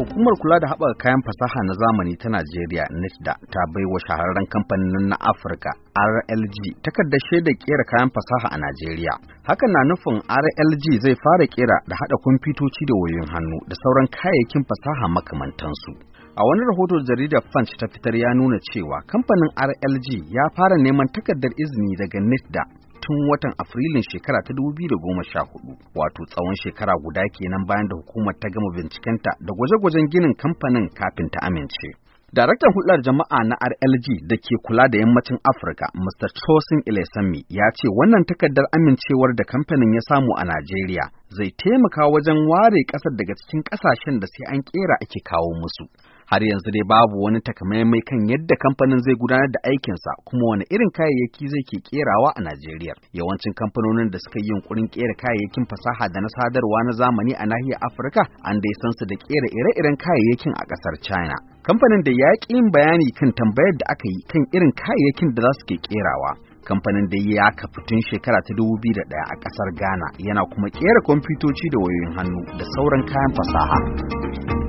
Hukumar kula da haɓaka kayan fasaha na zamani ta Najeriya NITDA, ta bai wa shahararren kamfanin na Afirka RLG takardar shaidar kera kayan fasaha a Najeriya. Hakan na nufin RLG zai fara kera da haɗa kwamfutoci da wayoyin hannu da sauran kayayyakin fasaha makamantansu. A wani rahoto jaridar Punch ta fitar ya nuna cewa kamfanin RLG ya fara neman takardar izini daga NITDA. tun watan Afrilun shekara ta da goma sha hudu wato tsawon shekara guda kenan bayan da hukumar ta gama bincikenta da gwaje-gwajen ginin kamfanin kafin ta amince. Daraktan hulɗar jama'a na RLG da ke kula da yammacin Afirka, Mr. Chosin Ilesami, ya ce wannan takardar amincewar da kamfanin ya samu a Najeriya zai taimaka wajen ware ƙasar daga cikin ƙasashen da sai an ƙera ake kawo musu. Har yanzu dai babu wani takamaimai kan yadda kamfanin zai gudanar da aikinsa kuma wani irin kayayyaki zai ke ƙerawa a Najeriya. Yawancin kamfanonin da suka yi yunkurin ƙera kayayyakin fasaha da na sadarwa na zamani a nahiyar Afirka an dai san su da ƙera ire-iren kayayyakin a ƙasar China. Kamfanin da ya yin bayani kan tambayar da aka yi kan irin kayayyakin da za su ke ƙerawa. kamfanin da ya kafa tun shekara ta 2001 a ƙasar ghana yana kuma ƙera kwamfutoci da wayoyin hannu da sauran kayan fasaha